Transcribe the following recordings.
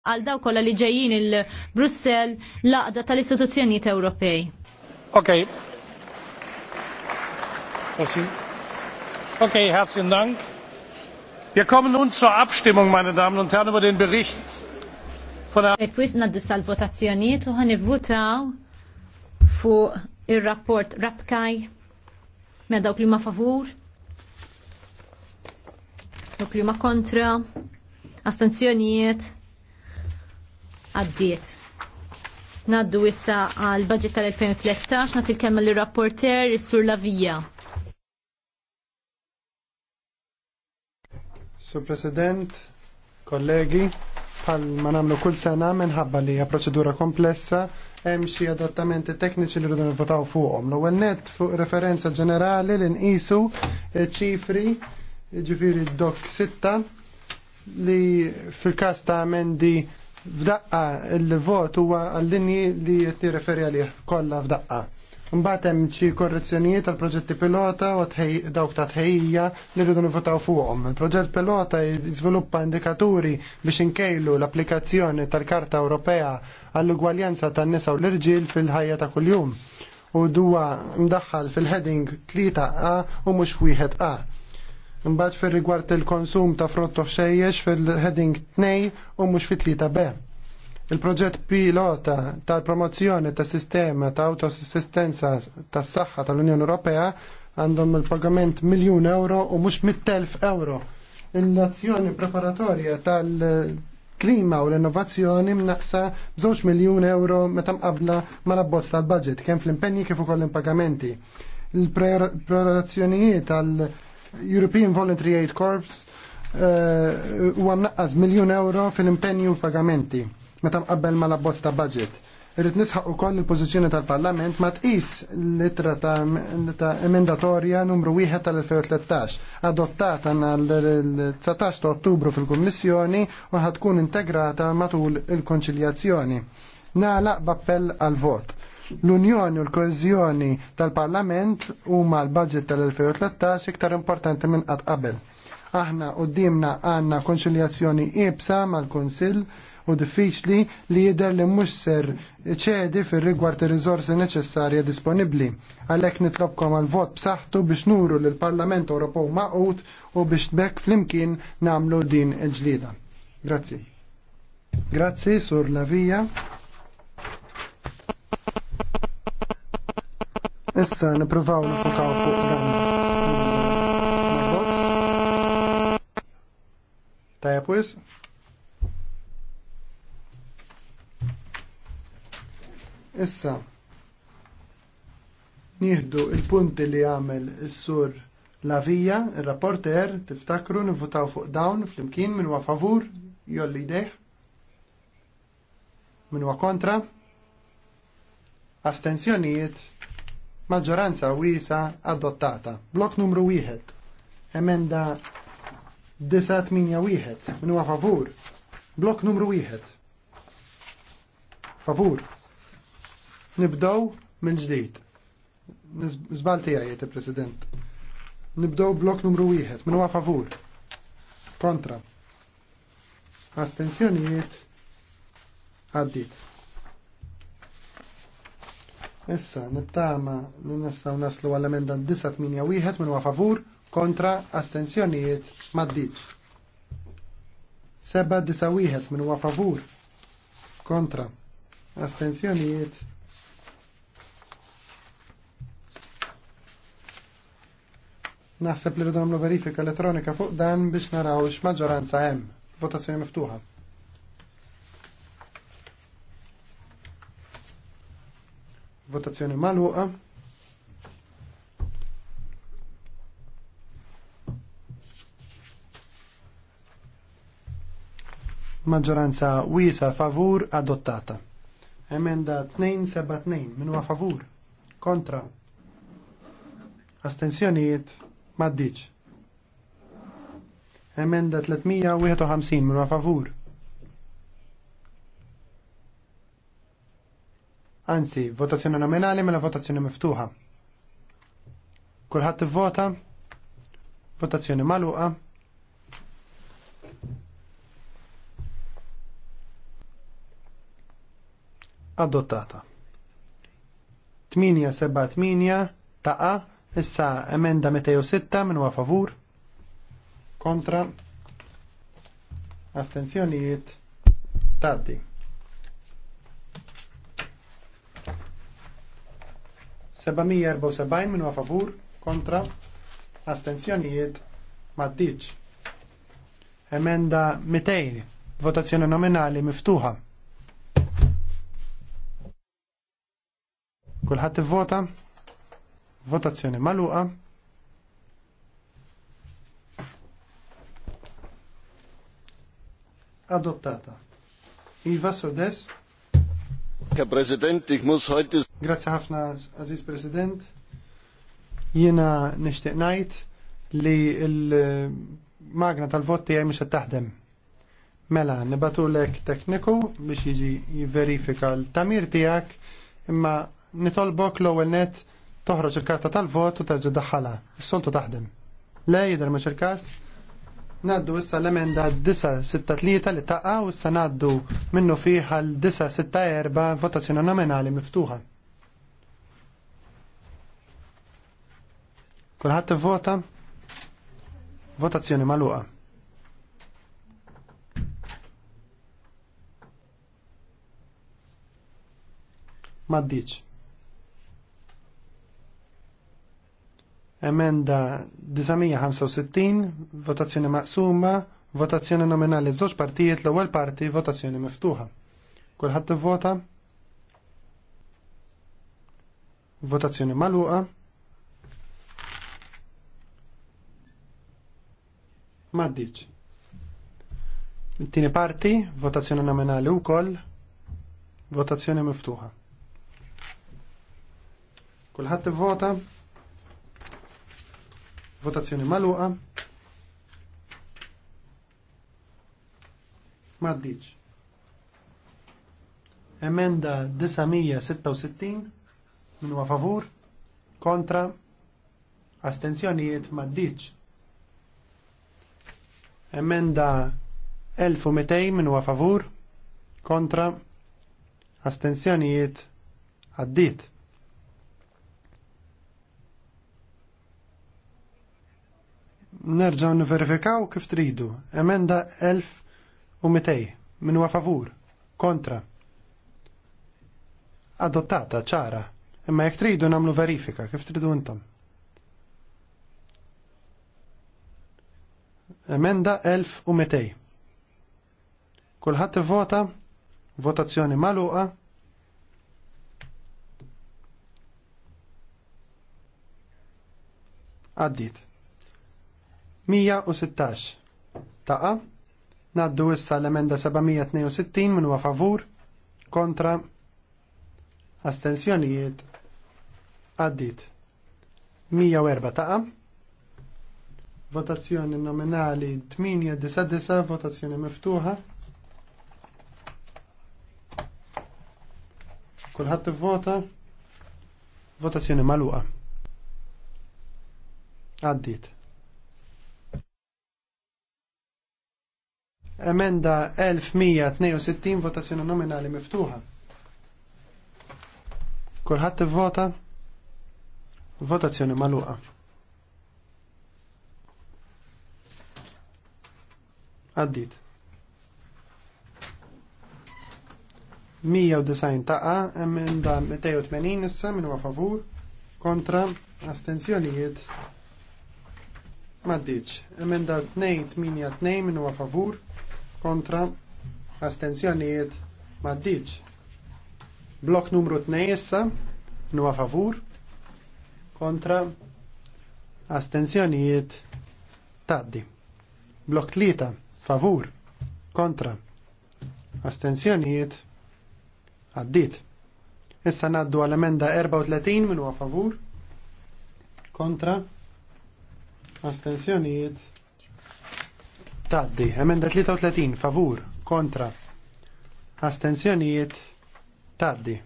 għal daw kolla li ġejjin il-Brussel laqda tal-istituzzjonijiet Ewropej. Ok. Ok, herzlichen Dank. Wir kommen nun zur Abstimmung, meine Damen und Herren, über den Bericht von der... Epwis naddu sal-votazzjoniet u għan votaw fu il-rapport Rapkaj me dawk li ma favur, dawk li ma kontra, astenzjonijiet, għaddiet. Naddu issa għal budget tal-2013, nagħti l-kelma rapporter is-Sur Lavija. Sur President, kollegi, bħal ma nagħmlu kull sena minħabba li hija proċedura komplessa hemm xi adattamenti tekniċi li rridu nivvotaw fuqhom. L-ewwel nett fuq referenza ġenerali li nqisu ċifri ġifieri dok sitta li fil-każ ta' amendi f'daqqa il-vot huwa għall-linji li jitti referi għalih kollha f'daqqa. Mbagħad hemm xi korrezzjonijiet tal proġetti pilota u dawk ta' tħejja li rridu nivvotaw fuqhom. Il-proġett pilota jiżviluppa indikaturi biex inkejlu l-applikazzjoni tal-Karta Ewropea għall-ugwaljanza tan-nisa u l-irġiel fil-ħajja ta' kuljum u duwa mdaħħal fil-heading 3A u mhux wieħed A. Mbagħad fir-rigward il-konsum ta' frotto xejjex fil-heading 2 u mhux fit ta' B. Il-proġett pilota tal-promozzjoni ta' sistema ta' autosistenza tas saħħa tal-Unjoni Ewropea għandhom il-pagament miljun euro u mhux mit-telf euro. il nazzjoni preparatorja tal-klima u l-innovazzjoni mnaqsa bżewġ miljun euro meta mqabla mal abbozza tal-budget kemm fl-impenji kif ukoll il-pagamenti. il prorazzjonijiet tal-, -pagamenti European Voluntary Aid Corps eh, u għamnaqqas miljon euro fil-impenju pagamenti meta mqabbel ma labbozz ta' budget. Irrid nisħaq ukoll il-pożizzjoni tal-Parlament ma tqis l-ittra ta' emendatorja numru 1 tal-2013 adottata l-19 ta' Ottubru fil-Kummissjoni u ħad tkun integrata matul il-konċiljazzjoni. Nagħlaq b'appell għal vot. L-Unjoni u l-Koezjoni tal-Parlament huma l-budget tal-2013 iktar importanti minn qatt qabel. Aħna dimna għandna konċiljazzjoni ibsa mal-Kunsill u diffiċli li jidher li mhux ser ċedi fir-rigward ir rizorsi neċessarja disponibbli. Għalhekk nitlobkom għal vot b'saħħtu biex nuru l Parlament Ewropew maqut u biex tbekk flimkien nagħmlu din il-ġlieda. Grazzi. Grazzi, Sur Lavija. Issa nippruvaw nifukaw fuq dan. Marbot? Tajja Issa, nieħdu il-punti li għamel is-sur Lavija, il-rapporter, tiftakru nifutaw fuq dawn fl-imkien minn wa favur, jolli deħ, minn wa kontra, Astenzjonijiet? maġġoranza wiesa adottata. Blok numru 1. Emenda 98. minn huwa favur. Blok numru 1. Favur. Nibdow minn ġdid Zbalti għajiet il-President. Nibdow blok numru 1. Minn huwa favur. Kontra. Astenzjonijiet. Għaddit. Issa, nittama li nistaw naslu għall-emenda 981 minn favur kontra astensjonijiet maddiċ. Seba disa wieħed minn favur kontra astensjonijiet Naħseb li rridu nagħmlu verifika elettronika fuq dan biex naraw x'maġġoranza hemm. Votazzjoni miftuħa. Votazzjoni maluqa. Maġġoranza wiesa favur adottata. Emenda 272 minu huwa favur. Kontra. Astensjonijiet maddiċ. Emenda 351 minu huwa favur. Anzi, votazzjoni nominali mela votazzjoni miftuħa. Kulħadd ivvota, votazzjoni magħluqa. Adottata. 878 taqa issa emenda 206 minn huwa favur kontra astenzjonijiet taddi. 774 minu favur kontra astenzjonijiet maddiċ. Emenda 200 votazzjoni nominali miftuħa. Kulħat vota, Votazzjoni maluqa. Adottata. Iva Sordes. Herr Präsident, ich muss heute Grazzi ħafna, Aziz President. Jiena nixtieq ngħid li l-magna tal-vot għaj mhux taħdem. Mela, nibatu lek tekniku biex jiġi jiverifika l-tamir tiegħek imma nitolbok l-ewwel net toħroġ il-karta tal-vot u terġa' daħħala. Is-soltu taħdem. Le jidher il każ. Naddu issa l-emenda 963 li taqqa u issa naddu minnu fiħal 964 votazzjoni nominali miftuħa. Kulħadd vota? Votazzjoni magħluqa. Maddiċ. Emenda 965, votazzjoni maqsuma, votazzjoni nominali żewġ partijiet l-ewwel parti, votazzjoni miftuħa. Kulħadd vota? Votazzjoni magħluqa. Maddiċ. Tini parti, votazzjoni nominali u koll, votazzjoni miftuħa. Kulħadd vota, votazzjoni maluqa, maddiċ. Emenda 966, minn favur, kontra, astenzjonijiet maddiċ. Emenda 1200 minn huwa favur kontra astensjonijiet għaddit. Nerġaw niverifikaw kif tridu. Emenda 1200 minn huwa favur kontra. Adottata ċara. Imma jekk tridu nagħmlu verifika kif tridu intom. Emenda 1200. Kulħadd ivvota, votazzjoni magħluqa. Għaddit. 116. Taqa. Naddu issa l-emenda 762 minn huwa favur kontra astensjonijiet għaddit. 104 taqa votazzjoni nominali 8-9, votazzjoni miftuħa. Kulħadd vota votazzjoni maluqa. Għaddit. Emenda 1162 votazzjoni nominali miftuħa. Kulħadd vota votazzjoni maluqa. Għaddit. 190 taqa, da 280 nissa minn u għafavur, kontra, astenzjonijiet. Maddiċ. Emmen da 282 minn u għafavur, kontra, astenzjonijiet. Maddiċ. Blok numru 2 issa, u għafavur, kontra astenzjonijiet taddi. Blok 3 favur, kontra, astenzjonijiet, għaddit. Issa naddu għal-emenda 34 minn huwa favur, kontra, astenzjonijiet, taddi. Emenda 33 favur, kontra, astenzjonijiet, taddi.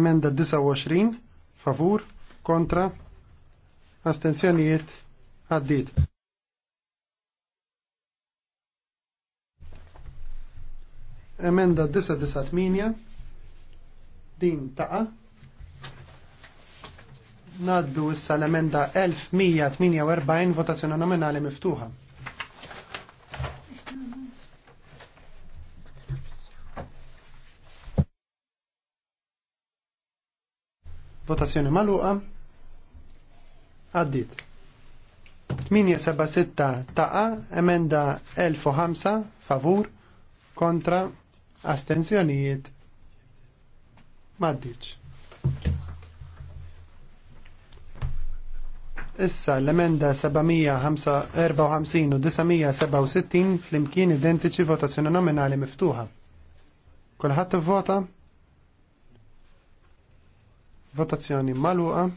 Emenda 29 favur, kontra, astenzjonijiet, għaddit. Emenda 998 din taqa. Naddu issa l-emenda 1148 votazzjoni nominali miftuħa. votazzjoni maluqa għaddit 876 taqa emenda 1005 favur kontra Astenzjonijiet maddiċ. Issa l-emenda 754 u 967 fl-imkien identiċi votazzjoni nominali miftuħa. Kulħadd vota? Votazzjoni maluqa.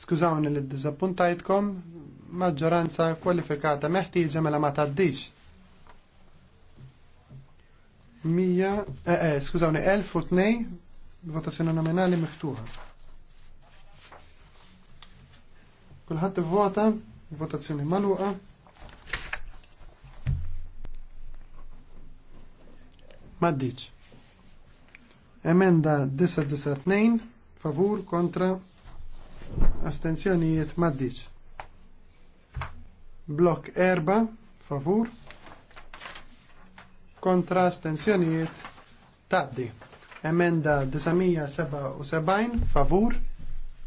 Skużawni li d-dizappuntajtkom, maġġoranza kwalifikata meħtieġa mela ma taddix. Mija, eh, eh, skużawni, 1002 votazzjoni nominali miftuħa. Kulħadd ivvota, votazzjoni maluqa. Maddiċ. Emenda 992 favur kontra astenzjonijiet maddiċ. Blok erba, favur, kontra astenzjonijiet taddi. Emenda 977, favur,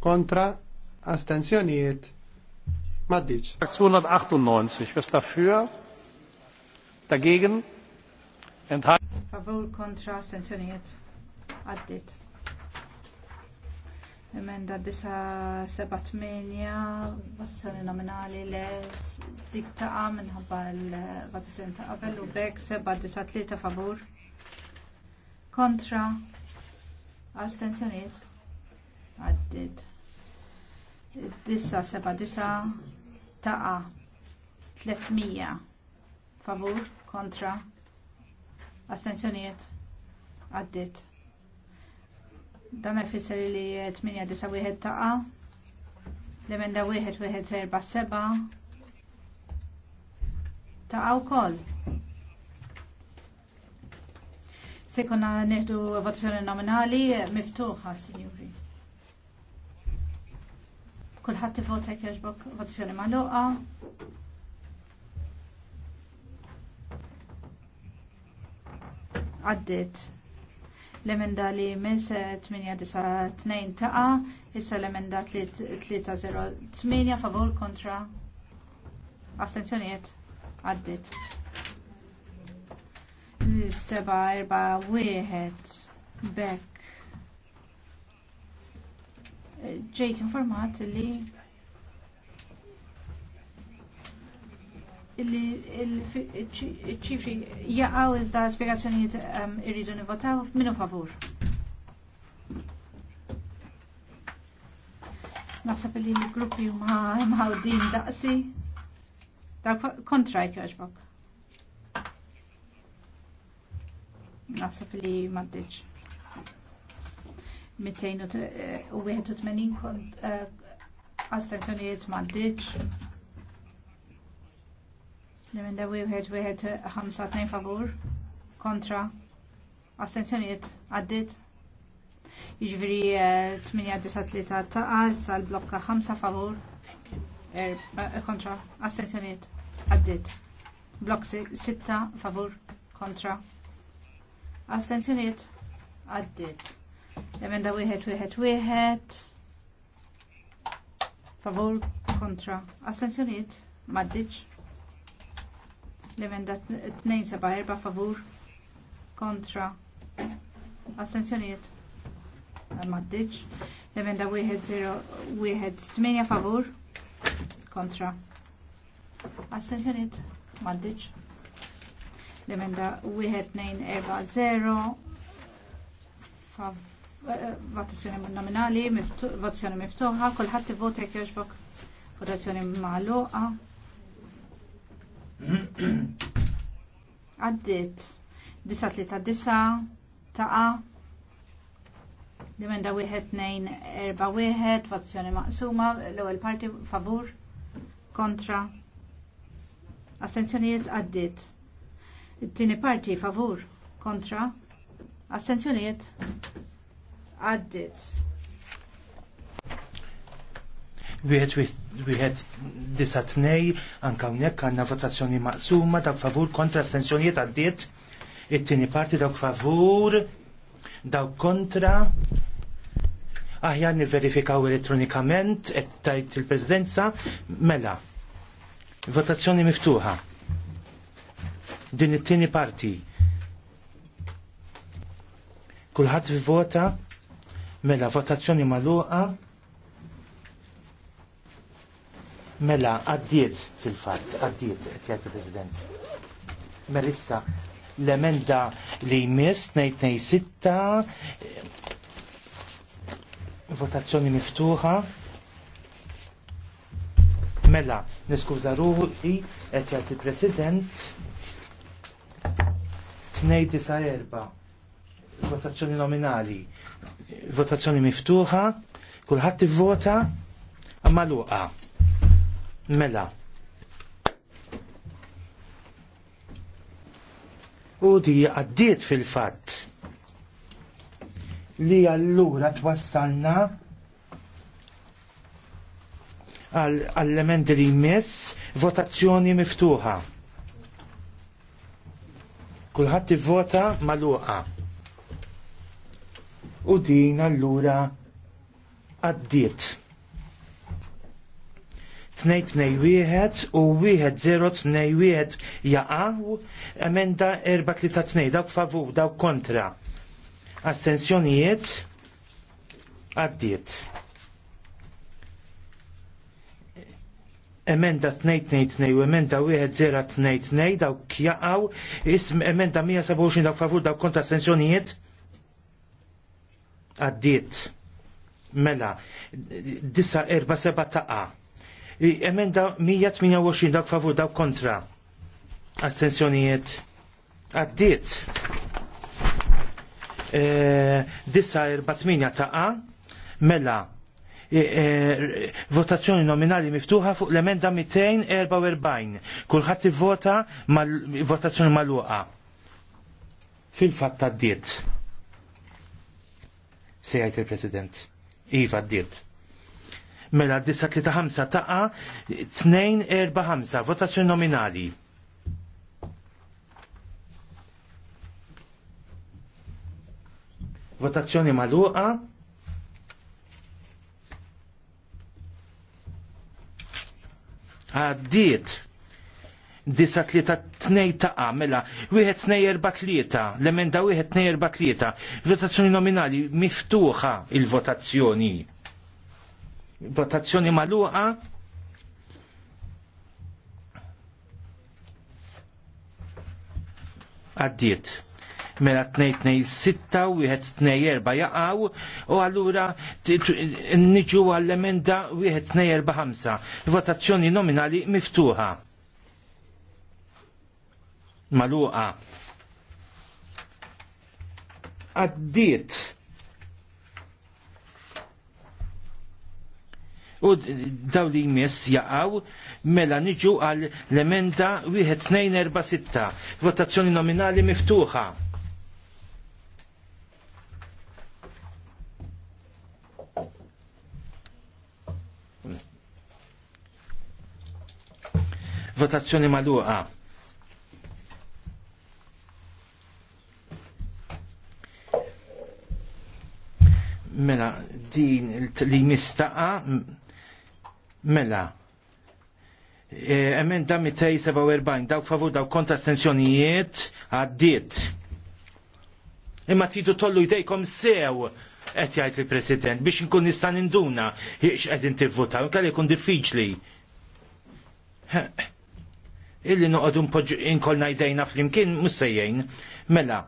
kontra astenzjonijiet maddiċ. 298, was dafür? Dagegen? Favur kontra astenzjonijiet għaddit emenda 978 votazzjoni nominali le dik taqa minħabba l-votazzjoni ta' qabel u bek 793 favur kontra astenzjoniet għaddit 979 taqa 300 favur kontra astenzjoniet għaddit Dan jfisser li 8 891 taqa. L-emenda 1147 taqa wkoll. Se konna neħdu votazzjoni nominali miftuħa, signori. Kulħadd ivota jekk jogħġbok votazzjoni magħluqa. għaddit l-emenda li mis 892 eh, taqa, issa l-emenda 308 favur kontra astenzjoniet għaddit. Seba erba wieħed bekk. Ġejt informat li il-ċifri jaqaw iżda spiegazzjoniet ehm, irridu nivotaw minu favur. Nasab li l-gruppi ma' din daqsi. Dak kontra jkjoġbok. Nasab li maddiċ. 281 kont eh, astenzjonijiet maddiċ. Nemenda wieħed wieħed ħamsa tnejn favur kontra astenzjonijiet għaddit. Jiġifieri 893 taqas għal blokka 5 eh, eh, favur kontra astenzjonijiet għaddit. Blok 6 favur kontra astenzjonijiet għaddit. Emenda wieħed wieħed wieħed favur kontra astenzjonijiet maddiċ. L-emenda 274 favur kontra assenzjoniet maddiċ. L-emenda 108 favur kontra assenzjoniet maddiċ. L-emenda 1240 favur votazzjoni nominali, votazzjoni miftuħa, kolħat vota jek votazzjoni maħluqa. Għaddit. Disa tlita disa. Taqa. Dimenda wieħed nejn erba wieħed. Votazzjoni maqsuma. L-ewwel parti favur. Kontra. Astenzjonijiet għaddit. It-tieni parti favur. Kontra. Astenzjonijiet għaddit wieħed disa tnej, anke hawnhekk għandna votazzjoni maqsuma dak favur kontra astensjonijiet għaddiet, it-tieni parti dawk favur, dawk kontra, aħjar niverifikaw elettronikament qed tajt il-Presidenza mela. Votazzjoni miftuħa. Din it-tieni parti. Kulħadd vivota mela votazzjoni magħluqa. Mela, għaddiet fil-fatt, għaddiet, għetjati President. Melissa, l-emenda li jmiss, nejt nej sitta, votazzjoni miftuħa. Mela, niskuża ruħi, għetjati President. Tnej disa erba, votazzjoni nominali, votazzjoni miftuħa, kullħat vota, għamaluqa. Mela. U di għaddiet fil-fatt li allura twassalna għall-element li jmiss votazzjoni miftuħa. Kulħadd ivvota maluqa. U din allura għaddiet. 2-2-1 u 1-0-2-1 jaqaw emenda erba 3 2 daw favu, daw kontra. Astenzjonijiet għaddiet. Emenda tnejn 2 u emenda wieħed 2 2 daw kjaqaw ism emenda 127 daw favur daw kontra astenzjonijiet għaddiet. Mela, disa erba seba taqa. Emenda 128 dak favur dak kontra. Astensjonijiet għaddiet. E, Disa batminja ta' A mela e, e, votazzjoni nominali miftuħa fuq l-emenda 244. Kulħadd ivvota votazzjoni magħluqa. Fil-fatt għaddiet? diet Sejajt il-President. Iva d-diet mela 935 taqa 245 votazzjoni nominali. Votazzjoni maluqa. Għaddiet. Disa tlieta tnej taqa mela, wieħed tnej erba tlieta, l-emenda wieħed tnej erba tlieta, votazzjoni nominali miftuħa il-votazzjoni. Votazzjoni maluqa. Għaddiet. Mela 2-2-6 u 1-2-4 jaqaw u għallura niġu għall-emenda 2 4 ħamsa. Votazzjoni nominali miftuħa. Maluqa. Għaddiet u daw li jmiss jaqaw mela niġu għal l-emenda 1246 votazzjoni nominali miftuħa. Votazzjoni maluqa. Mela, din li mistaqa Mela, e, emenda 247, dawk favur dawk konta stensjonijiet għaddit. Imma tidu tollu jdejkom sew qed jgħid il-President biex nkun nista' ninduna jiex qed intivvuta, kelli jkun diffiċli. Illi noqogħdu inkol najdejna flimkien mhux sejjejn. Mela,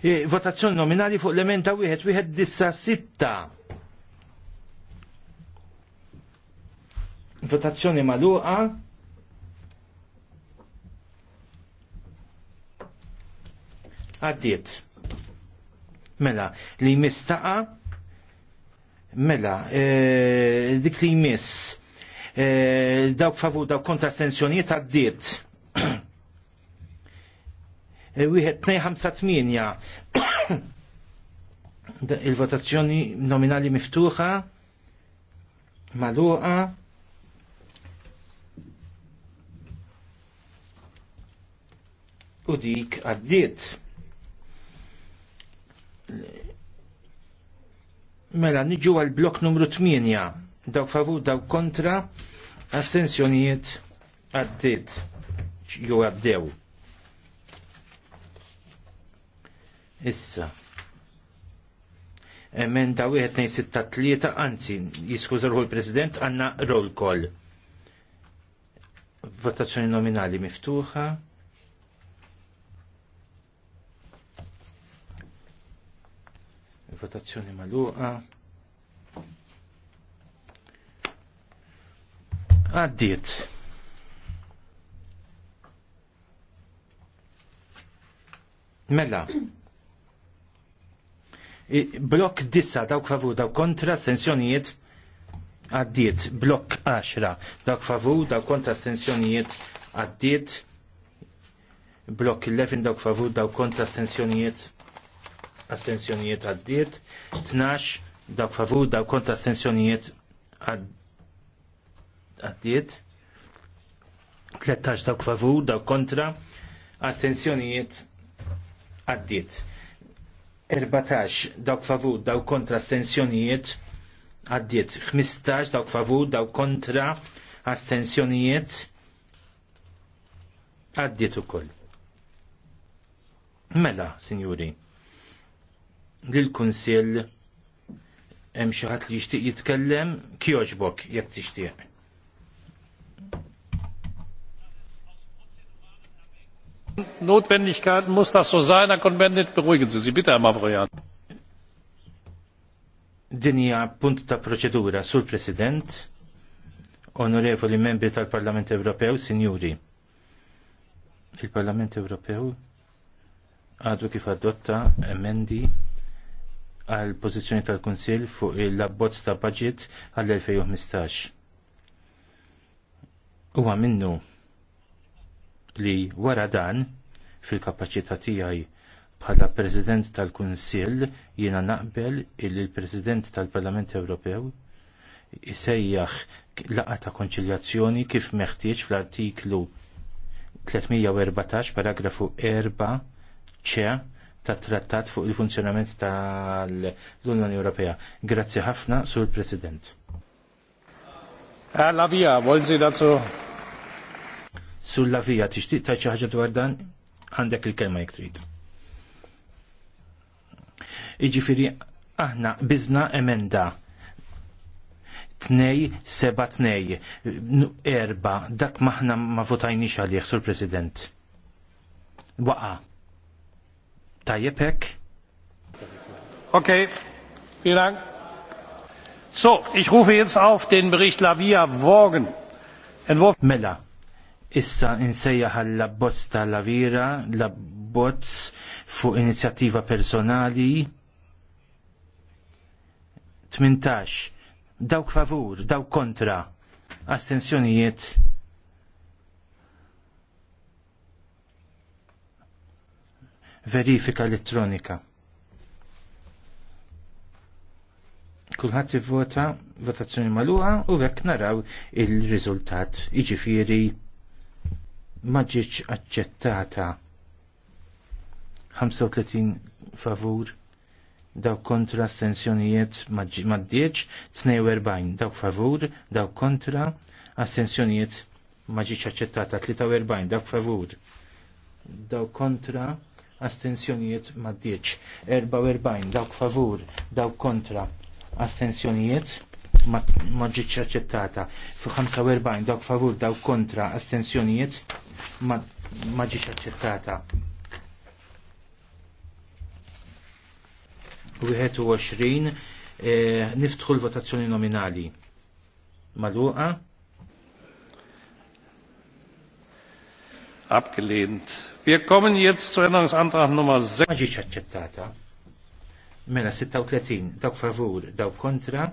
e, votazzjoni nominali fuq l-emenda wieħed wieħed dissa sitta. Votazzjoni maluqa. Għaddiet. Mela, li mistaqa. Mela, e, dik li jmiss. E, dawk favu dawk kontra stenzjoniet għaddiet. Eh, wieħed tnej ħamsa tminja. Il-votazzjoni nominali miftuħa, maluqa, u dik għaddiet. Mela niġu għal blok numru 8 daw favur daw kontra astensjoniet għaddiet jew għaddew. Issa. Emenda tlieta, anzi, jiskużarħu l-President, għanna roll call. Votazzjoni nominali miftuħa. votazzjoni maluqa. Għaddiet. Mela. Blok disa dawk favur dawk kontra stensjonijiet għaddiet. Blok 10 dawk favur dawk kontra stensjonijiet għaddiet. Blok 11 dawk favur dawk kontra stensjonijiet astensjonijiet għaddiet, 12 dawk favur dawk kontra astensjonijiet għaddiet, 13 dawk favur dawk kontra astensjonijiet għaddiet. 14 dawk favur dawk kontra astensjonijiet għaddiet, 15 dawk favur dawk kontra astensjonijiet għaddiet ukoll. Mela, sinjuri lill-Kunsill hemm xi ħadd li jixtieq jitkellem kjoġbok jekk tixtieq. Notwendigkeit muss das so sein, wir nicht beruhigen Sie sich bitte, Herr Mavroyan. Dinja punt ta' proċedura, Sur President, onorevoli membri tal-Parlament Ewropew, Signori. Il-Parlament Ewropew għadu kif adotta emendi għal pożizzjoni tal-Kunsill fuq il labbozz ta' budget għall-2015. Huwa minnu li wara dan fil-kapaċità tiegħi bħala President tal-Kunsill jiena naqbel il il-President tal-Parlament Ewropew isejjaħ laqa ta' konċiljazzjoni kif meħtieġ fl-artiklu 314 paragrafu 4 ċe ta' trattat fuq il-funzjonament tal-Unjoni Ewropea. Grazzi ħafna, Sur President. Eh, la via, volzi dazu. Sulla via, tixtieq ta' ċaħġa dwar dan għandek il-kelma jekk trid. Iġifieri aħna biżna emenda tnej seba tnej erba dak maħna ma votajni għalih sur President. Waqa' Tajjeb hekk. Okay, vielen Dank. So, ich rufe jetzt auf den Bericht Lavia Worgen. Entwurf Mela, issa insejjaħ l-abbozz ta' Lavira, la bozz fuq inizjattiva personali. 18. Dawk favur, dawk kontra. Astensjonijiet verifika elettronika. Kulħadd ivvota votazzjoni magħluqa u hekk naraw il-riżultat. Jiġifieri ma ġietx aċċettata 35 favur daw kontra astensjonijiet maddieċ, 42 daw favur, daw kontra astensjonijiet maġiċ aċċettata, 43 daw favur, daw kontra astensjonijiet maddieċ. 44 dawk favur, dawk kontra, astensjonijiet ma ġiċ aċċettata. Fu 45 dawk favur, dawk kontra, astensjonijiet ma ġiċ aċċettata. 21 eh, niftħu l-votazzjoni nominali. Maluqa? Abgelehnt Wir kommen jetzt zu Änderungsantrag Nummer 6. Ma ġiċ aċċettata. Mela 36 dawk favur, dawk kontra,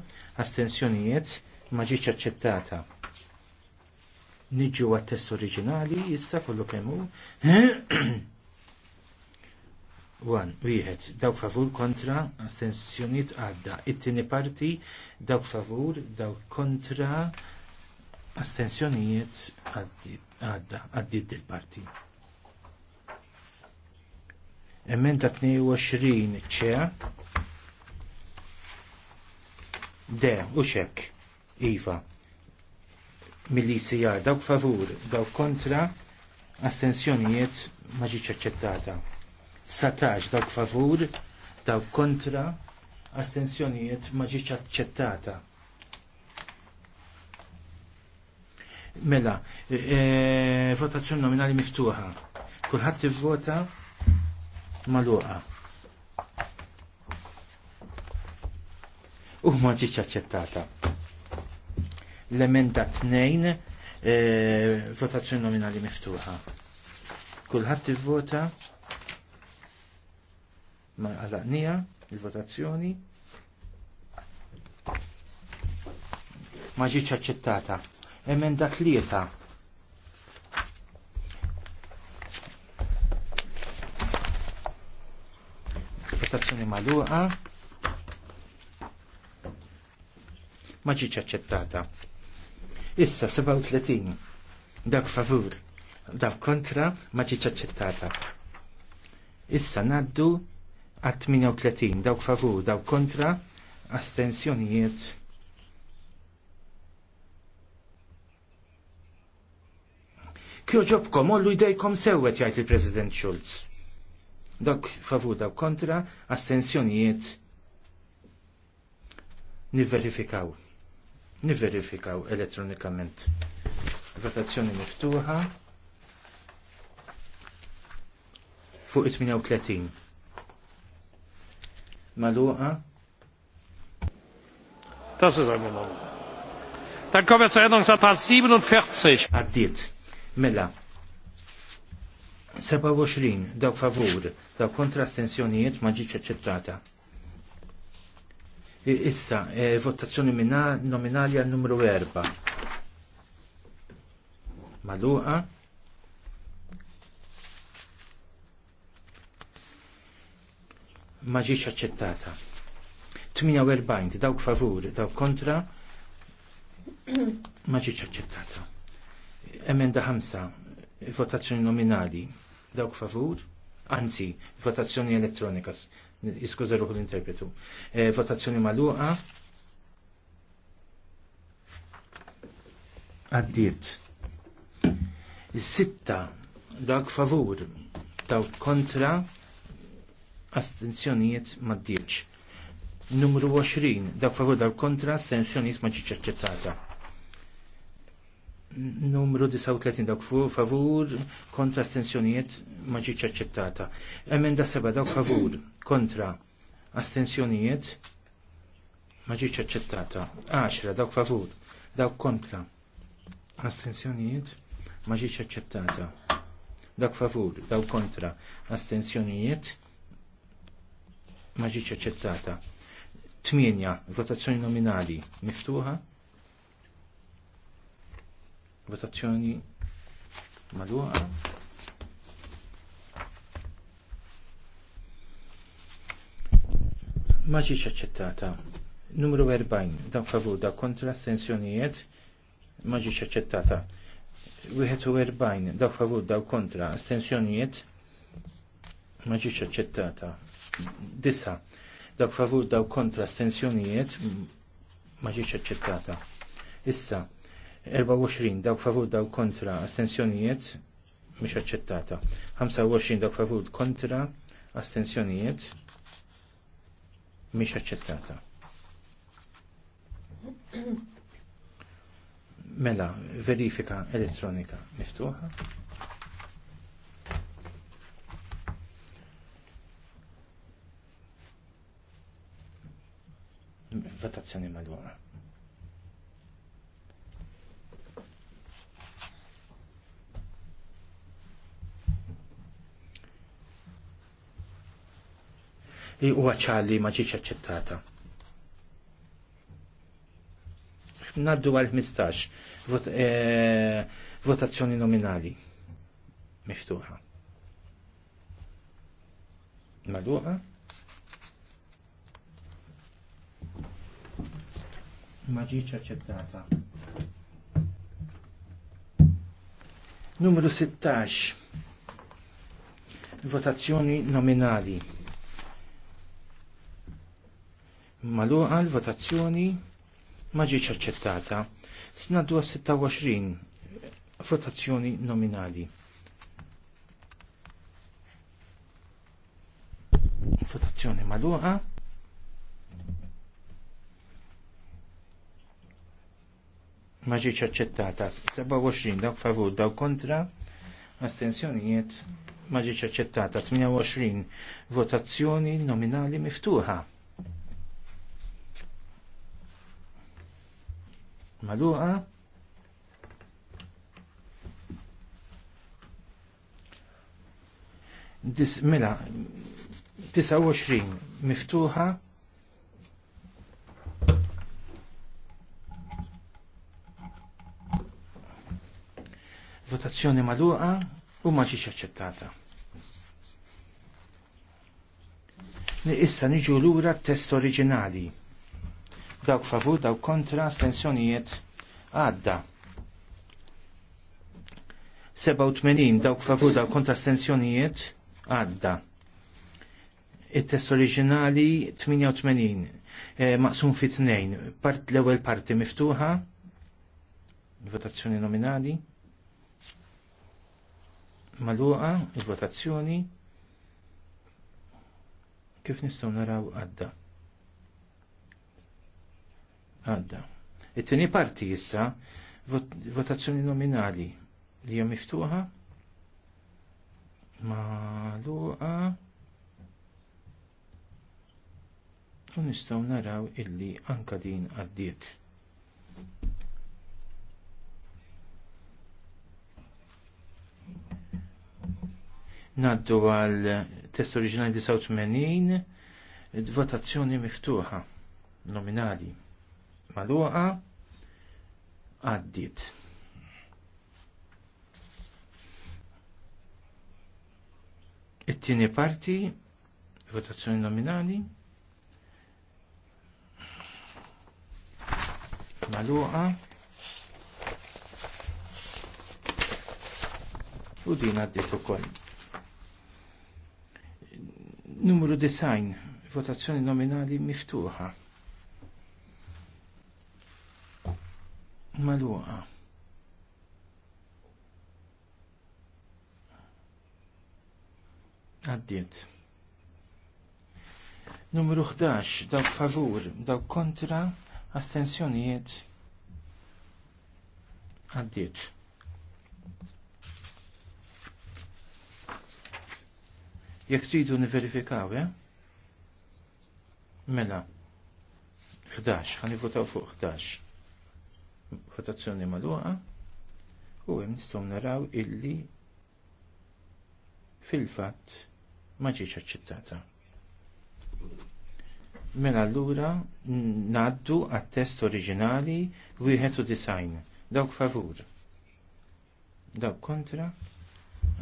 astensjonijiet ma ġiċ aċċettata. Niġu għat-test oriġinali, issa kollu kemmu. Wan, wieħed, dawk favur kontra, astensjonijiet għadda. It-tieni parti, dawk favur, dawk kontra, astensjonijiet għadda, għadda, għaddit il-parti. Emenda 22 ċe. De, u xek. Iva. Mill-ICR, dawk favur, daw kontra, astensjonijiet maġiċ aċċettata. sataċ dawk favur, daw kontra, astensjonijiet maġiċ aċċettata. Mela, e, votazzjoni nominali miftuħa. Kulħadd ivvota maluqa. U ma ġiċ aċċettata. L-emenda t-nejn, eh, votazzjoni nominali miftuħa. Kulħadd ivvota ma għalaqnija il-votazzjoni ma ġiċ aċċettata. Emenda tlieta votazzjoni magħluqa ma ġietx aċċettata. Issa 37 dak favur, dak kontra ma ġietx aċċettata. Issa naddu għat 38 dawk favur, dawk kontra astensjonijiet Kjo ġobkom, ollu idejkom sewet jgħajt il-President Schulz. Dak favur daw kontra, astensjonijiet niverifikaw. Niverifikaw elettronikament. Votazzjoni miftuħa fuq 38. Maluqa. Das ist angenommen. Dann kommen wir zur Änderungsantrag 47. Addiert. Mela. 27 dawk favur, dawk kontra astensjonijiet ma ġiċ aċċettata. Issa, e, votazzjoni nominali għal numru 4. Maluqa. Ma ġiċ aċċettata. 48 dawk favur, dawk kontra ma ġiċ aċċettata. Emenda 5 votazzjoni nominali. Dawk favur, anzi, votazzjoni elettronika. Iskuza ruħu l-interpretu. E, votazzjoni maluqa. Għaddiet. Sitta, dawk favur, dawk kontra, astenzjonijiet ma' Numru 20, dawk favur, dawk kontra, astenzjonijiet ma' ċiċċettata numru 39 dawk favur kontra astensjonijiet ma ġietx aċċettata. Emenda seba' dawk favur kontra astensjonijiet ma ġietx aċċettata. 10 dawk favur dawk kontra astensjonijiet ma ġietx aċċettata. Dawk favur dawk kontra astensjonijiet ma ġietx aċċettata. 8 votazzjoni nominali miftuħa Votazzjoni Ma Maġiċ aċċettata. Numru 40, dan favur, da kontra astensjonijiet, maġiċ aċċettata. 41, da favur, da kontra astensjonijiet, maġiċ aċċettata. Disa, dak favur daw kontra astensjonijiet maġiċ aċċettata. Issa, 24 dawk favur dawk kontra astensjonijiet mhix aċċettata. 25 dawk favur kontra astensjonijiet mhix aċċettata. Mela, verifika elettronika miftuħa. Votazzjoni madwar. li huwa ċalli ma ġietx aċċettata. Naddu għal 15 eh, votazzjoni nominali miftuħa. Madduħa? Ma ġietx aċċettata. Numru 16. Votazzjoni nominali. Maluqa l-votazzjoni ma ġietx aċċettata. Snaddu għas 26 votazzjoni nominali. Votazzjoni maluqa. ma ġietx aċċettata 27 dawk favur dawk kontra astensjonijiet ma ġietx aċċettata 28 votazzjoni nominali miftuħa. maluqa mela 29 miftuħa votazzjoni maluqa u ma ġiċ aċċettata. Issa niġu lura ura test oriġinali dawk favur, dawk kontra, astensjonijiet għadda. 87 dawk favur, dawk kontra, astensjonijiet għadda. Il-test oriġinali 88 e, eh, maqsum fit tnejn part l-ewwel parti miftuħa votazzjoni nominali maluqa il-votazzjoni kif nistgħu naraw għadda għadda. It-tieni parti issa votazzjoni nominali li hija miftuħa maluqa u nistgħu naraw illi anka din għaddiet. Naddu għal test oriġinali 89 votazzjoni miftuħa nominali maluqa għaddit. It-tieni parti, votazzjoni nominali, maluqa u din għaddit ukoll. Numru design, votazzjoni nominali miftuħa. maluqa. Għaddiet. Numru 11, dawk favur, dawk kontra, astensjonijiet. Għaddiet. Jek tridu niverifikaw, ja? Eh? Mela. 11, ħani votaw fuq 11 votazzjoni magħluqa u hemm nistgħu naraw illi fil-fatt ma ġietx aċċettata. Mela allura ngħaddu għat-test oriġinali wieħed u design. Dawk favur. Dawk kontra.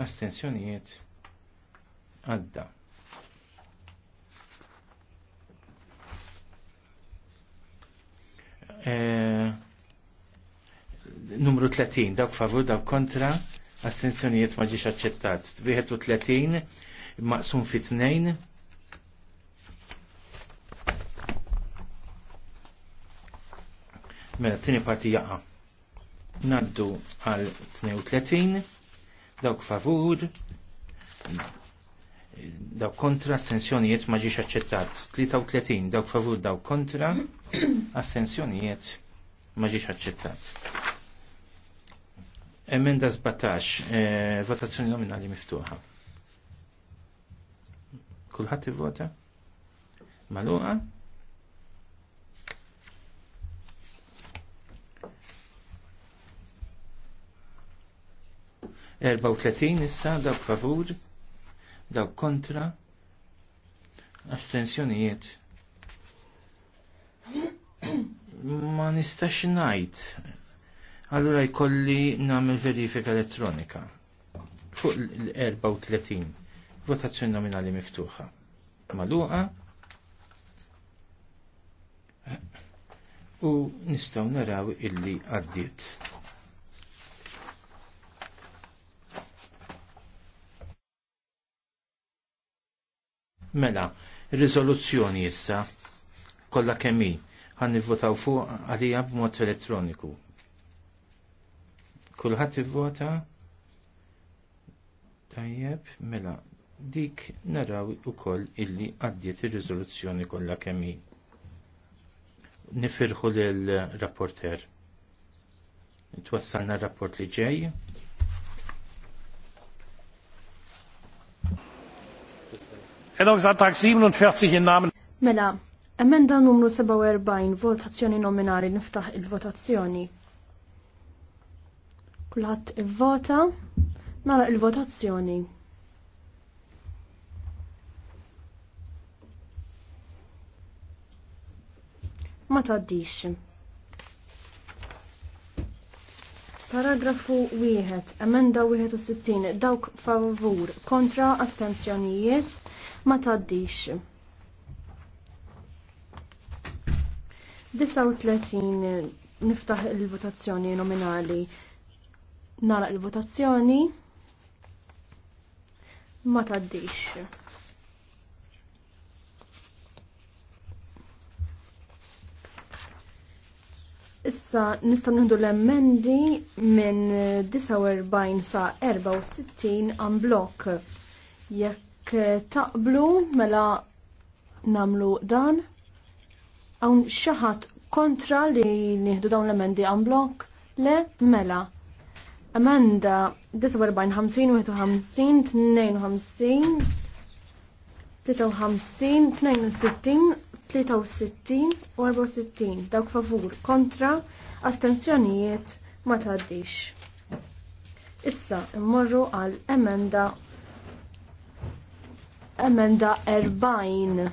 Astensjonijiet. Għadda. Eh, numru 30, dawk favur, dawk kontra, astenzjonijiet ma ġiex aċċettat. 31 maqsum fi 2. Mela, t-tini parti jaqa. Naddu għal 32, dawk favur, dawk kontra, astenzjonijiet ma ġiex aċċettat. 33, dawk favur, dawk kontra, astenzjonijiet ma ġiex aċċettat. Emenda 17, eh, votazzjoni nominali miftuħa. Kulħadd ivvota? Maluqa? Erba' tletin issa dawk favur, dawk kontra, astensjonijiet. Ma nistax ngħid allura jkolli nagħmel verifika elettronika. Fuq l-34 votazzjoni nominali miftuħa. Maluqa u nistgħu naraw illi għaddiet. Mela, riżoluzzjoni issa kollha kemm hi ħan nivvotaw fuq għalija b'mod elettroniku. Kulħadd ivvota tajjeb mela dik naraw ukoll illi għaddiet ir-riżoluzzjoni kollha kemm hi. Nifirħu lil rapporter. Twassalna rapport li ġej. Änderungsantrag 47 in Mela, emenda numru 47, votazzjoni nominali, niftaħ il-votazzjoni. Kulħadd ivvota. Nara il-votazzjoni. Ma taddix. Paragrafu 1, emenda 61, dawk favur, kontra astensjonijiet, ma taddix. 39, niftaħ il-votazzjoni nominali. Nara il-votazzjoni. Ma taddix. Issa nistgħu nieħdu l-emmendi minn 49 sa 64 għan blok. Jekk taqblu mela namlu dan, hawn xi ħadd kontra li nieħdu dawn l-emendi għan blok, le mela Amanda 49, 51, 52, 53, 62, 63 u 64 dawk favur kontra astenzjonijiet ma taddix. Issa immorru għal emenda emenda 40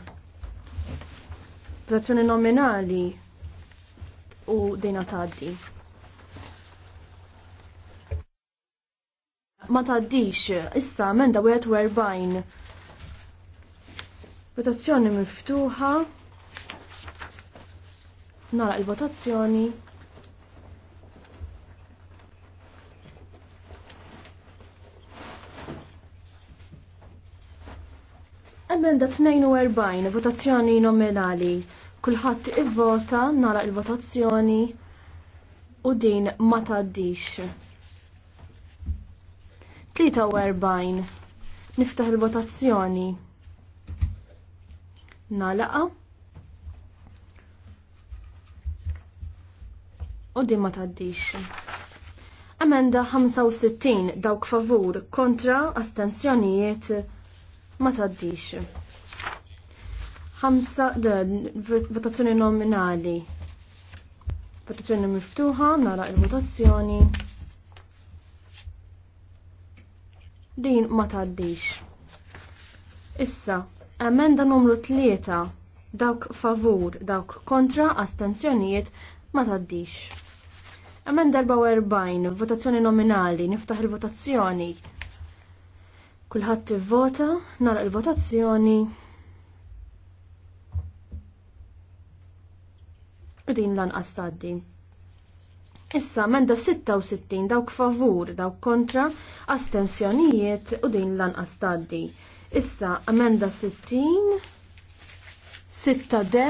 votazzjoni nominali u dejna taddi. ma taddix issa menda 41 votazzjoni miftuħa nara il-votazzjoni Emenda 42, votazzjoni nominali. Kulħadd ivvota nara il-votazzjoni u din ma taddix. 43. Niftaħ il-votazzjoni. Nalaqa. U din ma taddix. Emenda 65 dawk favur kontra astensjonijiet ma taddix. Ħamsa votazzjoni nominali. Votazzjoni miftuħa, nara il-votazzjoni. Din ma taddix. Issa, emenda numru tlieta. dawk favur, dawk kontra, astenzjonijiet ma taddix. Emenda 44, votazzjoni nominali, niftaħ il-votazzjoni. Kulħadd ivvota, nara il-votazzjoni. U din lanqas tgħaddi. Issa menda 66 dawk favur, dawk kontra, astensjonijiet u din lanqas tgħaddi. Issa emenda 60, 6 de,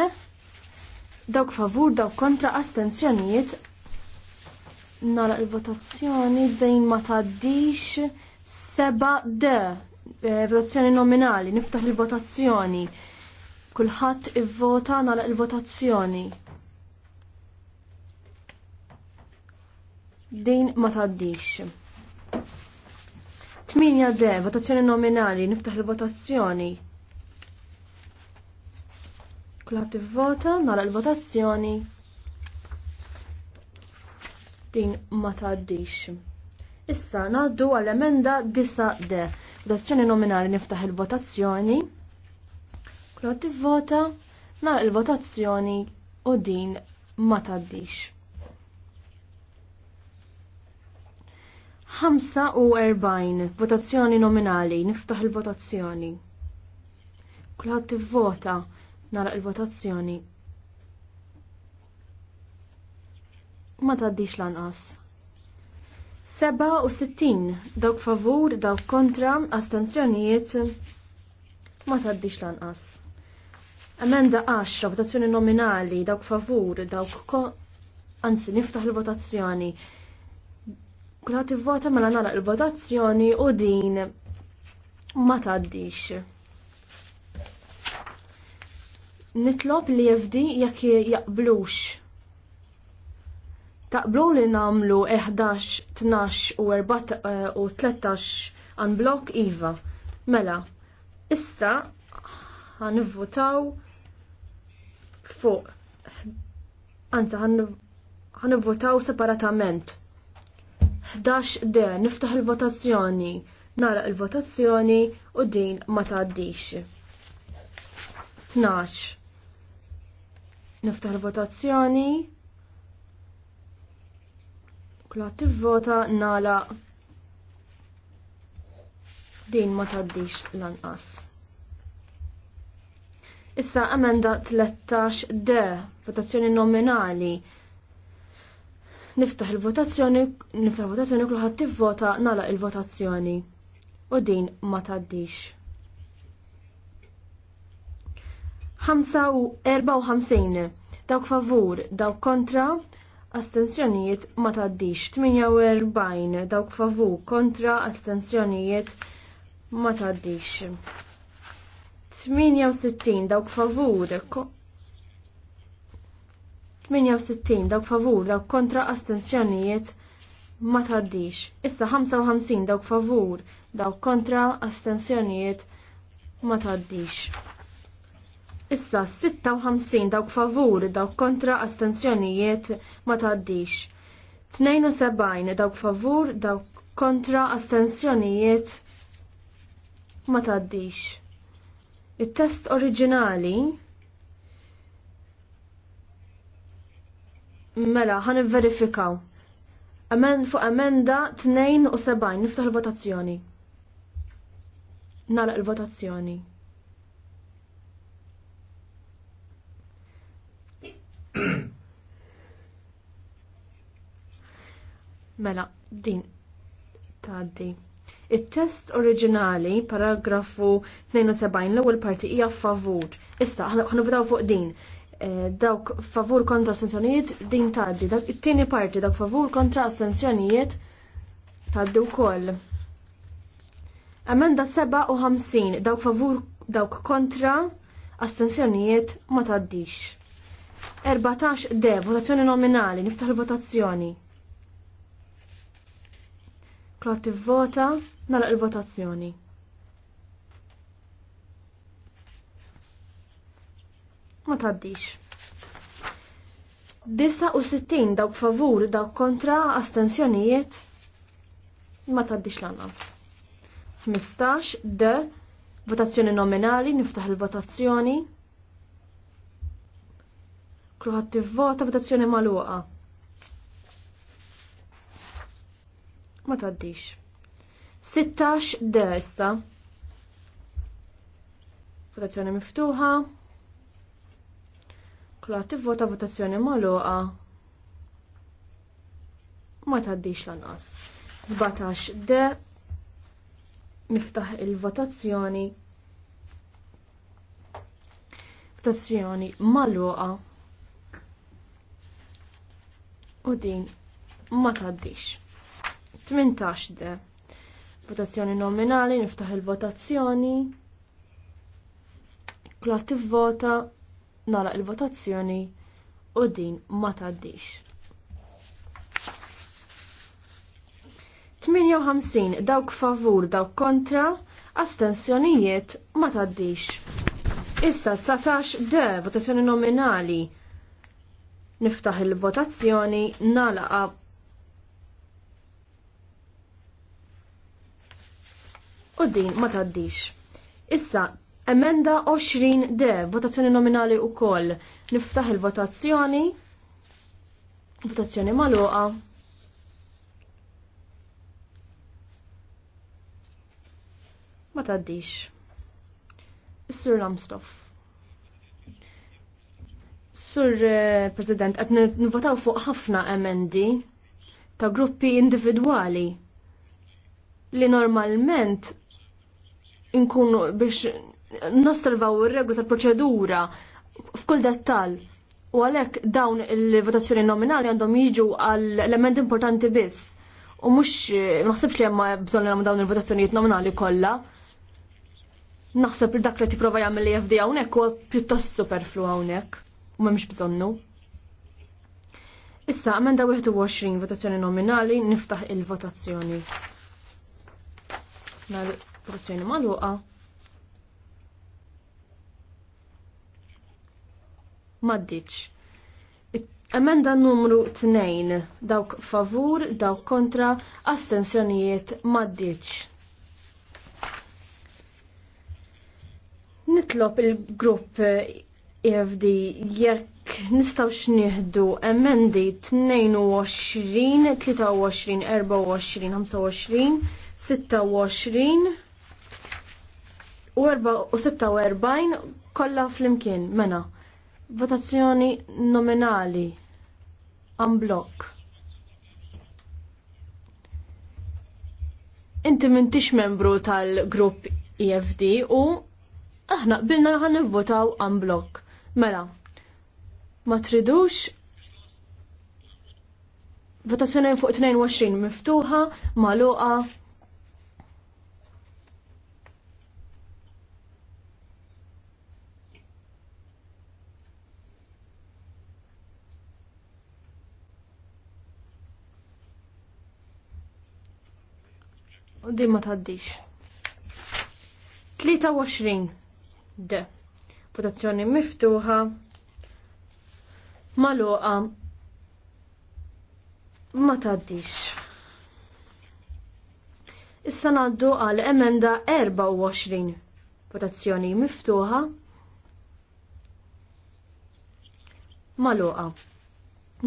dawk favur, dawk kontra, astensjonijiet. Nara il-votazzjoni dejn ma tgħaddix 7 de eh, votazzjoni nominali, niftaħ il-votazzjoni. Kulħadd ivvota nara il-votazzjoni. Din ma taddix. 8 de, votazzjoni nominali, niftaħ il-votazzjoni. Kulħat vota nara il-votazzjoni. Din ma taddix. Issa naddu għall-emenda 9 de. Votazzjoni nominali, niftaħ il-votazzjoni. Kulħat vota nara il-votazzjoni u din ma taddix. 45 votazzjoni nominali, niftaħ il-votazzjoni. Kulħadd tivvota nara il-votazzjoni. Ma tgħaddix lanqas. 67 dawk favur, dawk kontra, astenzjonijiet ma tgħaddix lanqas. Emenda 10, votazzjoni nominali, dawk favur, dawk ko... Anzi, niftaħ il-votazzjoni. Kulħadd ivvota mela nara il-votazzjoni u din ma tgħaddix. Nitlob li jifdi jekk jaqblux taqblu li namlu 11, 12 u 14 eh, u 13 għan blok Iva. Mela, issa għan votaw fuq. Anza, għan votaw separatament. 11 de niftaħ il-votazzjoni, nara il-votazzjoni u din ma tgħaddix. 12. Niftaħ il-votazzjoni. Kulħadd tivvota nala din ma tgħaddix lanqas. Issa emenda 13 de votazzjoni nominali niftaħ il-votazzjoni, niftaħ il-votazzjoni kulħadd tivvota nagħlaq il-votazzjoni. U din ma taddix. 54 dawk favur, dawk kontra, astenzjonijiet ma taddix. 48 dawk favur, kontra, astenzjonijiet ma taddix. 68 dawk favur, 68 dawk favur dawk kontra astensjonijiet ma taddix. Issa 55 dawk favur dawk kontra astensjonijiet ma taddix. Issa 56 dawk favur dawk kontra astensjonijiet ma taddix. 72 dawk favur dawk kontra astensjonijiet ma taddix. it test oriġinali Mela, ħan verifikaw. Amen fuq amenda 72 niftaħ il-votazzjoni. Nara il-votazzjoni. mela, din taddi. Il-test oriġinali, paragrafu 72, l-ewwel parti hija favur. Issa, ħanivraw fuq din. Eh, dawk favur kontra astensjonijiet din tgħaddi. Dak it-tieni parti dawk favur kontra astensjonijiet tgħaddi wkoll. Emenda 57 dawk favur dawk kontra astensjonijiet ma tgħaddix. 14 de votazzjoni nominali niftaħ il-votazzjoni. Klot vota nagħlaq il-votazzjoni. ma taddix. 69 dawk favur daw kontra astensjonijiet ma taddix lanas. 15 d votazzjoni nominali niftaħ il-votazzjoni. Kruħat tivvota votazzjoni magħluqa. Ma taddix. 16 d issa. Votazzjoni miftuħa. Kla tivvota votazzjoni magħluqa ma tgħaddix lanqas. 17 de niftaħ il-votazzjoni votazzjoni magħluqa u din ma tgħaddix. 18 de votazzjoni nominali niftaħ il-votazzjoni kla tivvota nara il-votazzjoni u din ma taddix. 58 dawk favur dawk kontra, astensjonijiet ma taddix. Issa 19 de votazzjoni nominali. Niftaħ il-votazzjoni nalaqa u din ma taddix. Issa Emenda 20 d votazzjoni nominali u koll. Niftaħ il-votazzjoni. Votazzjoni maluqa. Ma taddix. Is-Sur Lamstoff. Sur eh, President, qed nivvotaw fuq ħafna emendi ta' gruppi individwali li normalment inkunu biex nostalvaw ir-reglu tal-proċedura f'kull dettal. U għalhekk dawn il-votazzjoni nominali għandhom jiġu għall element importanti biss. U mhux naħsibx li hemm bżonn nagħmlu dawn il-votazzjonijiet nominali kollha. Naħseb li dak li tipprova jagħmel li FD hawnhekk huwa pjuttost superflu hawnhekk u m'hemmx bżonnu. Issa, amenda 21, votazzjoni nominali, niftaħ il-votazzjoni. Nar votazzjoni maluqa. maddiċ. Emenda numru 2, dawk favur, dawk kontra, astensjonijiet maddiċ. Nitlob il-grupp EFD jekk nistaw xnieħdu emendi 22, 23, 24, 25, 26 u 46 kollha flimkien mena. Votazzjoni nominali. Unblock. Inti mintix membru tal-grupp EFD u aħna qbilna ħan nivvotaw unblock. Mela, ma tridux votazzjoni fuq 22 miftuħa, maluqa, U din ma taddix. 23 de. Votazzjoni miftuħa. Maluqa. Ma taddix. Issa naddu għal emenda 24. Votazzjoni miftuħa. Maluqa.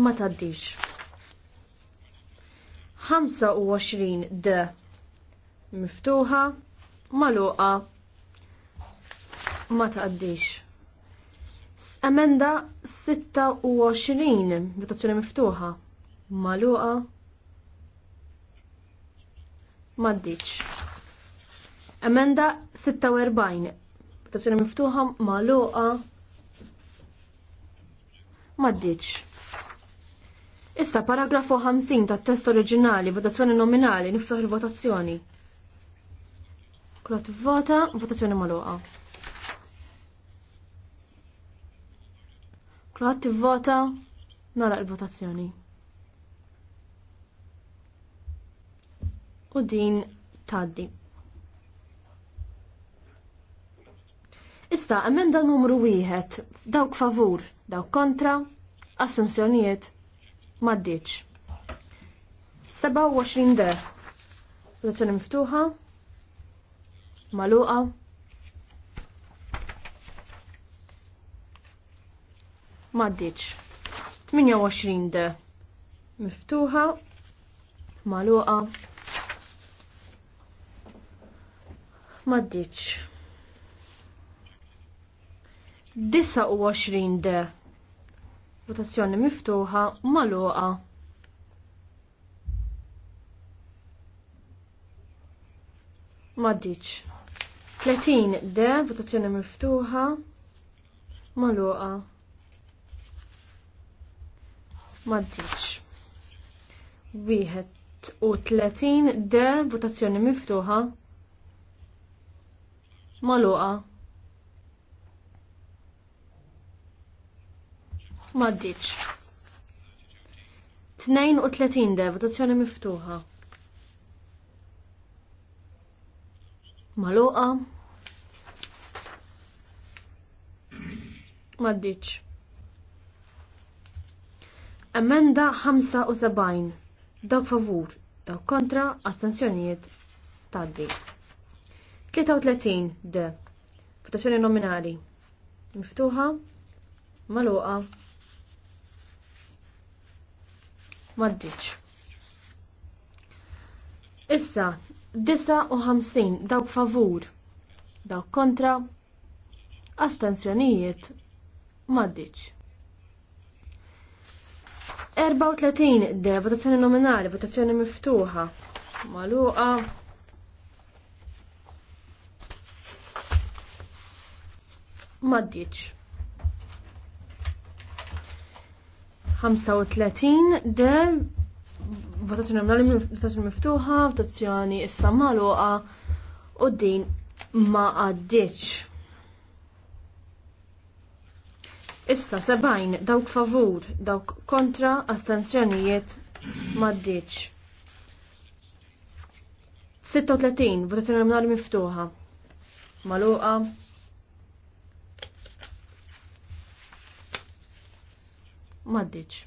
Ma taddix. 25 de miftuħa, maluqa, ma taqaddix. Emenda 26, votazzjoni miftuħa, maluqa, ma ddiċ. Emenda 46, votazzjoni miftuħa, maluqa, ma ddiċ. Issa paragrafu 50 tat-test oriġinali, votazzjoni nominali, niftuħ il-votazzjoni t vota, votazzjoni magħluqa. t tivvota, nara il-votazzjoni. U din tgħaddi. Issa, emenda numru wieħed, dawk favur, dawk kontra, assenzjonijiet, maddiċ. 27 de. Votazzjoni miftuħa maluqa. Maddiċ. 28 de miftuħa maluqa maddiċ 29 de votazzjoni miftuħa maluqa maddiċ 30 de, votazzjoni miftuħa, maluqa. Maddiċ. Wieħed u 30 de, votazzjoni miftuħa, maluqa. u 32 de, votazzjoni miftuħa. Maluqa. Maddiċ. Emenda 75. Dawk favur, dawk kontra, astensjonijiet taddi. 33 de. Votazzjoni nominali. Miftuħa, maluqa, maddiċ. Issa, 59 dawk favur, dawk kontra, astensjonijiet Maddiċ. 34 de votazzjoni nominali, votazzjoni miftuħa. Maluqa. Maddiċ. 35 de votazzjoni nominali, votazzjoni miftuħa, votazzjoni issa maluqa u din ma għaddiċ. Issa sebajn dawk favur, dawk kontra astensjonijiet maddiċ. 36 votazzjoni nominali miftuħa. Maluqa. Maddiċ.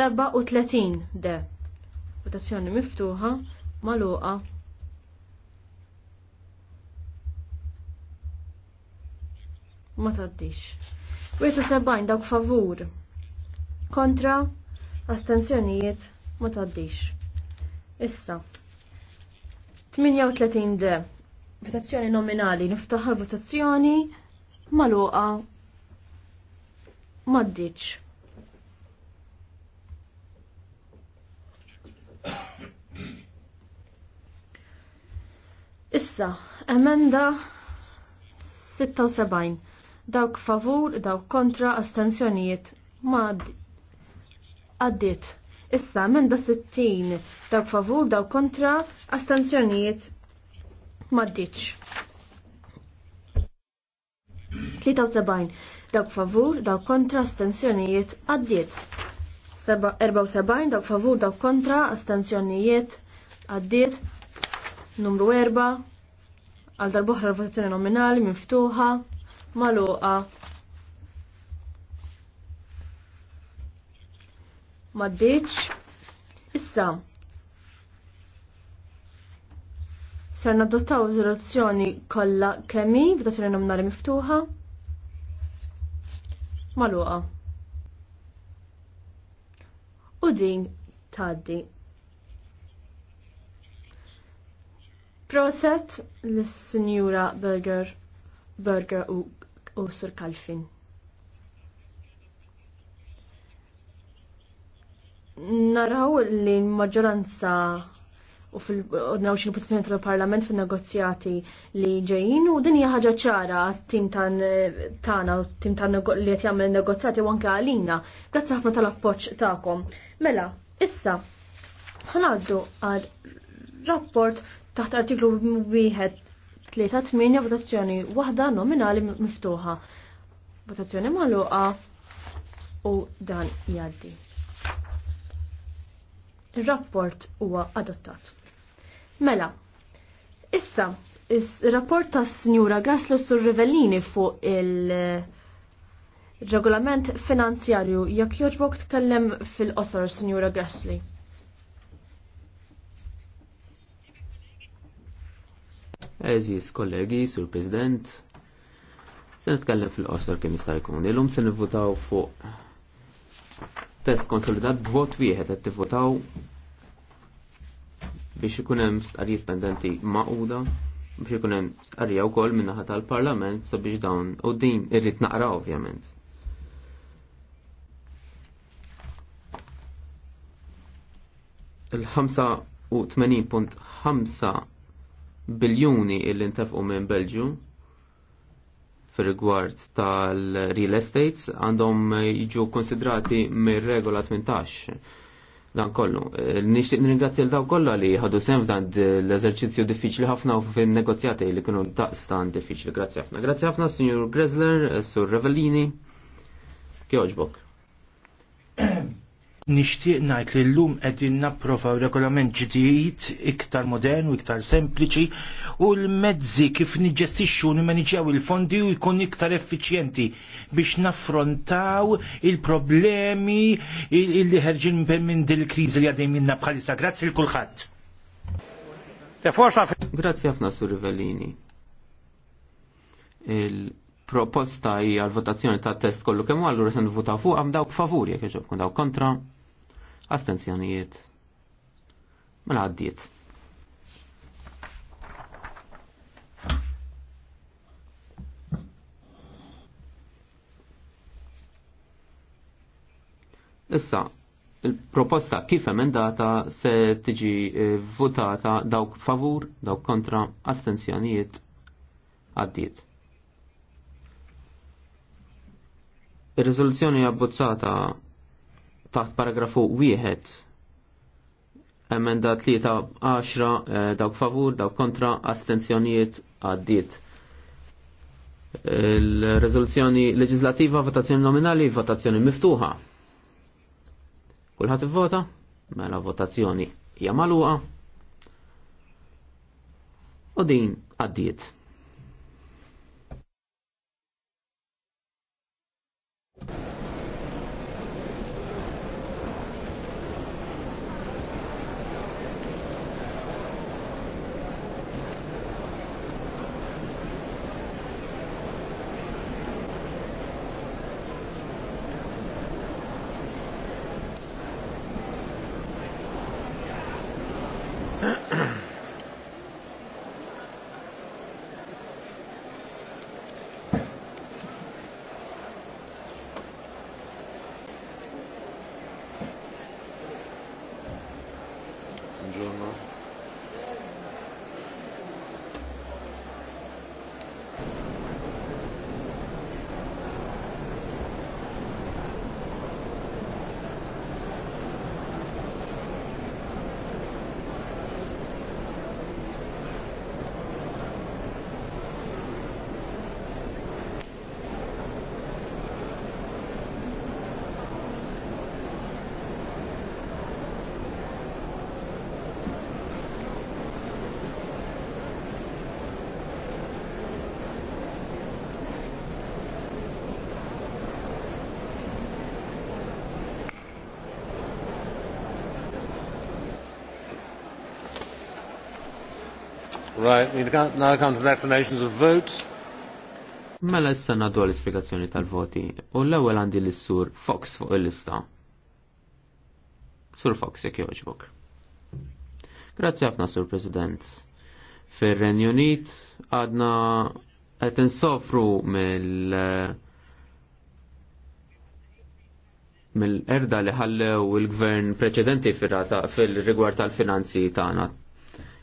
37 de. Votazzjoni miftuħa. Maluqa. ma taddix. Wietu sebbajn dawk favur kontra astensjonijiet ma taddix. Issa. 38 de votazzjoni nominali niftaħ votazzjoni maluqa maddiċ. Issa, emenda 76 dawk favur, dawk kontra, astensjonijiet ma għaddit. Issa, da 60, dawk favur, dawk kontra, astensjonijiet ma ddiċ. 73, dawk favur, dawk kontra, astensjonijiet għaddit. 74, dawk favur, dawk kontra, astensjonijiet għaddit. Numru 4, għal darbuħra votazzjoni nominali miftuħa maluqa maddiċ issa ser nadottaw riżoluzzjoni kollha kemmi f'dazzjoni nominali miftuħa maluqa u din tgħaddi. Proset l-Sinjura Burger Burger u u Sur Kalfin. Naraw li l-maġġoranza u fil-naw xin pozizjoni tal-parlament fin negozjati li ġejjin u din hija ħaġa ċara tim tagħna u tim tan li qed jagħmel negozjati u anke għalina. Grazzi ħafna tal-appoġġ tagħkom. Mela, issa ħanaddu għal rapport taħt artiklu wieħed 3-8 votazzjoni waħda nominali miftuħa. Votazzjoni magħluqa u dan jgħaddi. Ir-rapport huwa adottat. Mela, issa, il rapport tas Sinjura Graslo sur Rivellini fuq il- Regolament finanzjarju jekk jogħġbok tkellem fil-qosor, Sinjura Grassley. Eżis, kollegi, sur President, se nitkellem fil-qosor kien jista' jkun. Illum se nivvutaw fuq test konsolidat b'vot wieħed qed tivvutaw biex ikun hemm stqarrijiet pendenti maquda biex ikun hemm stqarrija wkoll min-naħa tal-Parlament sabiex dawn u din irrid naqra ovvjament. Il-85.5 biljuni illi ntefqu minn Belġju fir-rigward tal-real estates għandhom jiġu konsidrati mir-regola 18 dan kollu. Eh, nixtieq nirringrazzja l daw kollha li ħadu sem f'dan l-eżerċizzju diffiċli ħafna u fin-negozjati li kienu daqstan diffiċli. Grazzi ħafna. Grazzi ħafna, Sinjur Gressler, eh, Sur Revellini. Kjoġbok. Nixtieq ngħid li llum qegħdin napprovaw regolament ġdid iktar modern u iktar sempliċi u l-mezzi kif niġġestixxu nimeniġjaw il-fondi u jkun iktar effiċjenti biex naffrontaw il-problemi li ħerġin minn din il-kriżi li għaddej minna bħalissa. Grazzi l kulħadd. Grazzi ħafna Sur Rivellini. Il-proposta hija l-votazzjoni ta' test kollu kemm għallu se nivvutaw fuq għam dawk favur jekk iġobkun dawk kontra astenzjonijiet mela għaddiet. Issa, il-proposta kif emendata se tiġi eh, votata dawk favur, dawk kontra astenzjonijiet għaddiet. Ir-riżoluzzjoni abbozzata taħt paragrafu wieħed emenda 3-10 eh, dawk favur, dawk kontra, astenzjonijiet għaddit. Il-rezoluzzjoni leġislativa, votazzjoni nominali, votazzjoni miftuħa. Kulħat vota mela votazzjoni jamaluqa. U din għaddiet. Right, we now come to the explanations of vote. Mela issa nadu l-ispiegazzjoni tal-voti u l-ewwel għandi l-sur Fox fuq il-lista. Sur Fox jekk jogħġbok. Grazzi ħafna Sur President. Fir-Renju Unit għadna qed insofru mill mill-erda li ħallew il-gvern preċedenti fil-rigward tal-finanzi tagħna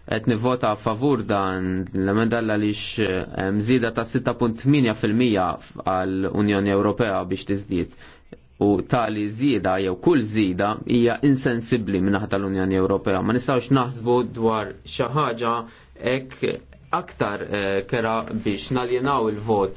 qed nivvota favur dan l-emenda l għaliex eh, mżida ta' 6.8% għall Unjoni Ewropea biex tizdiet U tali zida jew kull zida hija insensibbli minnaħ tal-Unjoni Ewropea. Ma nistawx naħsbu dwar xi ħaġa hekk aktar eh, kera biex naljenaw il-vot